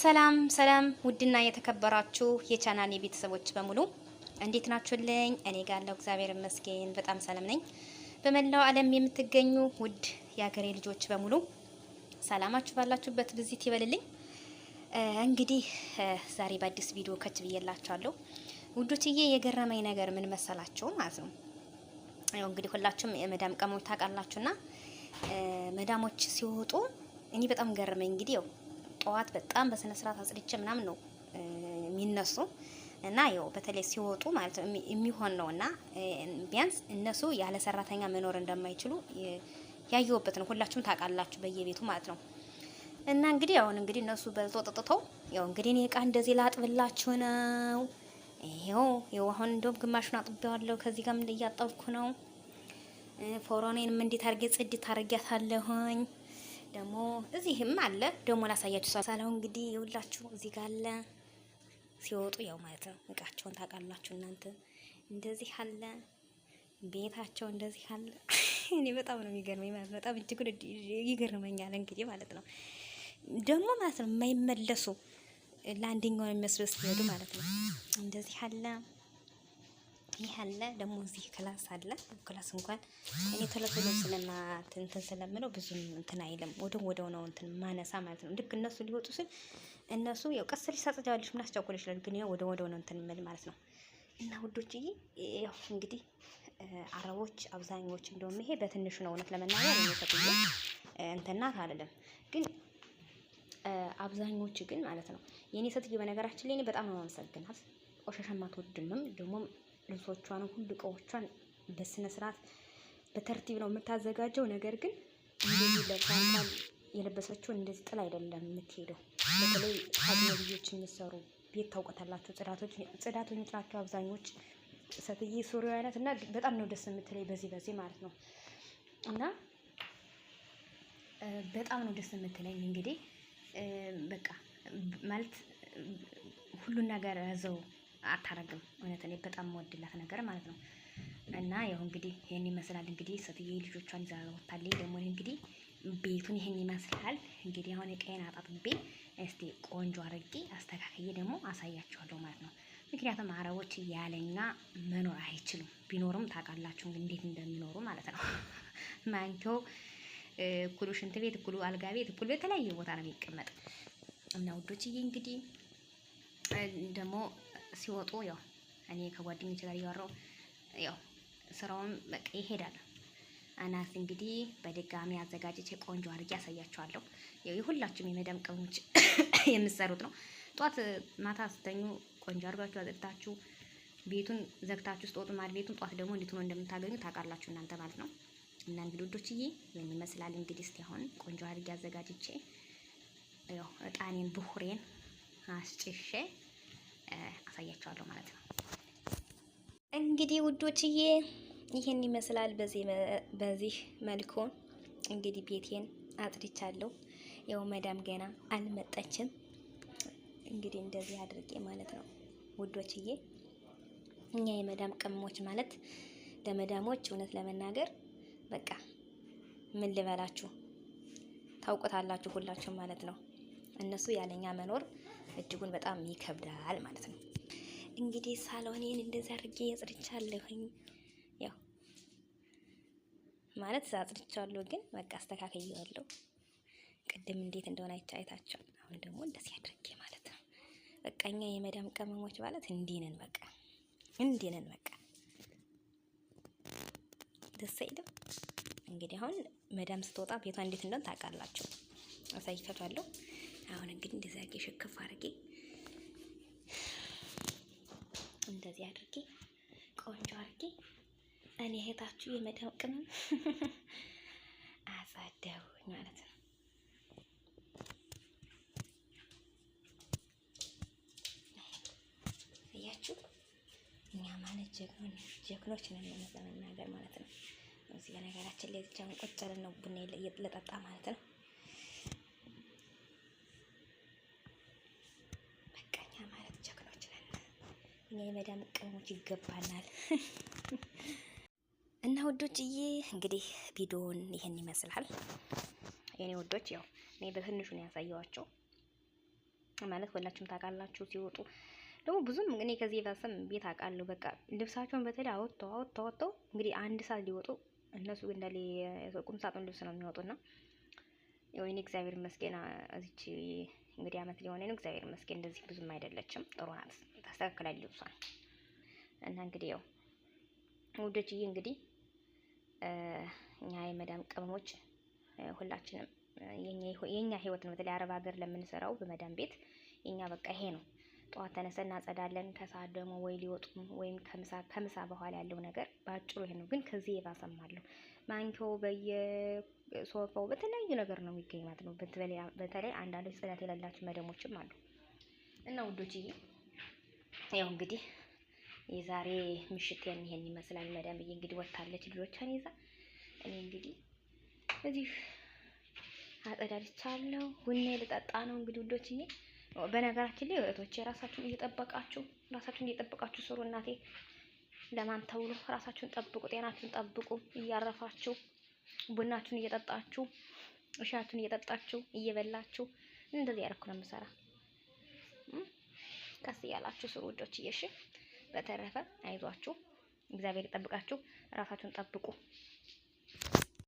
ሰላም ሰላም፣ ውድና የተከበራችሁ የቻናል ቤተሰቦች በሙሉ እንዴት ናችሁልኝ? እኔ ያለው እግዚአብሔር ይመስገን በጣም ሰላም ነኝ። በመላው ዓለም የምትገኙ ውድ የሀገሬ ልጆች በሙሉ ሰላማችሁ ባላችሁበት ብዚት ይበልልኝ። እንግዲህ ዛሬ በአዲስ ቪዲዮ ከች ብዬላችኋለሁ ውዶችዬ። የገረመኝ ነገር ምን መሰላችሁ ማለት ነው ያው እንግዲህ ሁላችሁም የመዳም ቀሞች ታውቃላችሁና መዳሞች ሲወጡ እኔ በጣም ገረመኝ እንግዲህ ያው ጠዋት በጣም በስነ ስርዓት አጽድቼ ምናምን ነው የሚነሱ እና ያው በተለይ ሲወጡ ማለት የሚሆን ነው እና ቢያንስ እነሱ ያለ ሰራተኛ መኖር እንደማይችሉ ያየሁበት ነው። ሁላችሁም ታውቃላችሁ በየቤቱ ማለት ነው። እና እንግዲህ አሁን እንግዲህ እነሱ በልቶ ያው እንግዲህ እኔ እቃ እንደዚህ ላጥብላችሁ ነው። ይሄው ይሄው አሁን እንደውም ግማሹን አጥቤዋለሁ። ከዚህ ጋር ምን እያጠብኩ ነው። ፎሮኔንም እንዴት አድርጌ ጽድት አድርጊያታለሁኝ። ደግሞ እዚህም አለ። ደግሞ ላሳያችሁ ሳለው እንግዲህ የሁላችሁ እዚህ ጋር አለ። ሲወጡ ያው ማለት ነው እቃቸውን ታውቃላችሁ እናንተ። እንደዚህ አለ ቤታቸው እንደዚህ አለ። እኔ በጣም ነው የሚገርመኝ ማለት ነው። በጣም እጅግ ይገርመኛል እንግዲህ ማለት ነው። ደግሞ ማለት ነው የማይመለሱ ለአንደኛው የሚያስበስብ ማለት ነው። እንደዚህ አለ ይህ አለ ደግሞ እዚህ ክላስ አለ። ክላስ እንኳን እኔ ቶሎ ቶሎ ስለና እንትን ስለምለው ብዙም እንትን አይልም። ወደ ወደው ነው እንትን ማነሳ ማለት ነው። ልክ እነሱ ሊወጡ ስል እነሱ ያው ቀስ ሊሳጽጃዋለች ምን አስቸኮል ይችላል፣ ግን ያው ወደ ወደው ነው እንትን ምል ማለት ነው። እና ውዶች ያው እንግዲህ አረቦች አብዛኞች እንደውም ይሄ በትንሹ ነው እውነት ለመናገር የሚሰጥየ እንትናት አይደለም ግን አብዛኞች ግን ማለት ነው የእኔ ሴትዮ በነገራችን ላይ እኔ በጣም ነው የማመሰግናት። ቆሻሻ ማትወድምም ደግሞም ልብሶቿን ሁሉ እቃዎቿን በስነ ስርዓት በተርቲብ ነው የምታዘጋጀው። ነገር ግን እንደዚህ የለበሰችው እንደዚህ ጥላ አይደለም የምትሄደው። በተለይ አጅነብዮች የሚሰሩ ቤት ታውቀታላችሁ። ጽዳቶች ናቸው አብዛኞች ሰትዬ ሱሪ አይነት እና በጣም ነው ደስ የምትለኝ በዚህ በዚህ ማለት ነው እና በጣም ነው ደስ የምትለኝ። እንግዲህ በቃ ማለት ሁሉን ነገር ያዘው አታረግም። እውነት እኔ በጣም መወድላት ነገር ማለት ነው። እና ያው እንግዲህ ይህን ይመስላል። እንግዲህ ሴትዬ ልጆቿን ይዛ ወታለች። ደግሞ እንግዲህ ቤቱን ይህን ይመስላል። እንግዲህ አሁን የቀይን አጣጥቤ እስቲ ቆንጆ አድርጌ አስተካክዬ ደግሞ አሳያችኋለሁ ማለት ነው። ምክንያቱም አረቦች ያለኛ መኖር አይችሉም። ቢኖርም ታውቃላችሁ እንዴት እንደሚኖሩ ማለት ነው። ማንኪው እኩሉ ሽንት ቤት፣ እኩሉ አልጋ ቤት፣ እኩሉ የተለያየ ቦታ ነው የሚቀመጥ እና ውዶችዬ እንግዲህ ደግሞ ሲወጡ ያው እኔ ከጓደኞች ጋር እያወራሁ ያው ስራውን በቃ ይሄዳል። አናስ እንግዲህ በድጋሚ አዘጋጅቼ ቆንጆ አድርጌ ያው የሁላችሁም የመደም ቅመሞች የምትሰሩት ነው። ጧት ማታ ስተኙ ቆንጆ አድርጋችሁ አዘግታችሁ ቤቱን ዘግታችሁ ስትወጡ ማድ ቤቱን ጧት ደግሞ እንዴት ነው እንደምታገኙ ታውቃላችሁ እናንተ ማለት ነው። እና እንግዲህ ውዶችዬ ይህን ይመስላል። እንግዲህ እስቲ አሁን ቆንጆ አድርጌ አዘጋጅቼ ያው እጣኔን ብሁሬን አስጭሼ አሳያቸዋለሁ ማለት ነው። እንግዲህ ውዶችዬ ይህን ይመስላል። በዚህ መልኩ እንግዲህ ቤቴን አጥድቻለሁ። ያው መዳም ገና አልመጠችም እንግዲህ እንደዚህ አድርጌ ማለት ነው ውዶችዬ። እኛ የመዳም ቅመሞች ማለት ለመዳሞች እውነት ለመናገር በቃ ምን ልበላችሁ ታውቁታላችሁ ሁላችሁም ማለት ነው። እነሱ ያለኛ መኖር እጅጉን በጣም ይከብዳል ማለት ነው። እንግዲህ ሳሎኔን እንደዚህ አድርጌ አጽድቻለሁኝ። ያው ማለት አጽድቻለሁ፣ ግን በቃ አስተካክያለሁ። ቅድም እንዴት እንደሆነ አይታችኋል። አሁን ደግሞ እንደዚህ አድርጌ ማለት ነው። በቃ እኛ የመዳም ቅመሞች ማለት እንዲህ ነን፣ በቃ እንዲህ ነን። በቃ ደስ አይልም። እንግዲህ አሁን መዳም ስትወጣ ቤቷ እንዴት እንደሆነ ታውቃላችሁ። አሳይቻችኋለሁ። አሁን እንግዲህ እንደዚህ አድርጌ ሽክፍ አድርጌ እንደዚህ አድርጌ ቆንጆ አድርጌ እኔ እህታችሁ የመዳም ቅመም አሳደቡኝ ማለት ነው። እያችሁ እኛ ማለት ጀግኖች ነን ነገር ማለት ነው። እዚህ በነገራችን ላይ ብቻ ቁጭ ብለን ነው ቡና ለጠጣ ማለት ነው። እኛ የመዳም ቅመሞች ይገባናል። እና ውዶችዬ እንግዲህ ቪዲዮውን ይህን ይመስላል። የኔ ውዶች ያው እኔ በትንሹ ነው ያሳየዋቸው ማለት ሁላችሁም ታውቃላችሁ። ሲወጡ ደግሞ ብዙም እኔ ከዚህ የባሰም ቤት አውቃለሁ። በቃ ልብሳቸውን በተለይ አወጥተው አወጥተው አወጥተው እንግዲህ አንድ ሰዓት ሊወጡ እነሱ እንዳለ የቁም ሳጥን ልብስ ነው የሚወጡና የወይኔ እግዚአብሔር ይመስገን። እዚች እንግዲህ አመት ሊሆነ ነው። እግዚአብሔር ይመስገን እንደዚህ ብዙም አይደለችም። ጥሩ ናት፣ ታስተካክላለች ልብሷን እና እንግዲህ ያው ውዶችዬ እንግዲህ እኛ የመዳም ቅመሞች ሁላችንም የኛ ህይወት ነው። በተለይ አረብ ሀገር ለምንሰራው በመዳም ቤት የኛ በቃ ይሄ ነው። ጠዋት ተነስተን እናጸዳለን። ከሰዓት ደግሞ ወይ ሊወጡም ወይም ከምሳ ከምሳ በኋላ ያለው ነገር በአጭሩ ይሄ ነው። ግን ከዚህ የባሰም አለው። ማንኪያው በየሶፋው በተለያዩ ነገር ነው የሚገኝ ማለት ነው። በተለይ አንዳንዶች ጽዳት የሌላቸው መደሞችም አሉ እና ውዶች ያው እንግዲህ የዛሬ ምሽት ያን ይሄን ይመስላል። መዳም ብዬ እንግዲህ ወታለች ልጆቿን ይዛ እኔ እንግዲህ እዚህ አጸዳድቻለሁ። ቡና ልጠጣ ነው እንግዲህ ውዶችዬ በነገራችን ላይ እህቶቼ ራሳችሁን እየጠበቃችሁ ራሳችሁን እየጠበቃችሁ ስሩ። እናቴ ለማን ተብሎ ራሳችሁን ጠብቁ፣ ጤናችሁን ጠብቁ። እያረፋችሁ ቡናችሁን እየጠጣችሁ እሻችሁን እየጠጣችሁ እየበላችሁ እንደዚህ ያደረኩ ነው የምሰራ። ቀስ እያላችሁ ስሩ ውዶች። እየሽ በተረፈ አይዟችሁ፣ እግዚአብሔር ይጠብቃችሁ፣ ራሳችሁን ጠብቁ።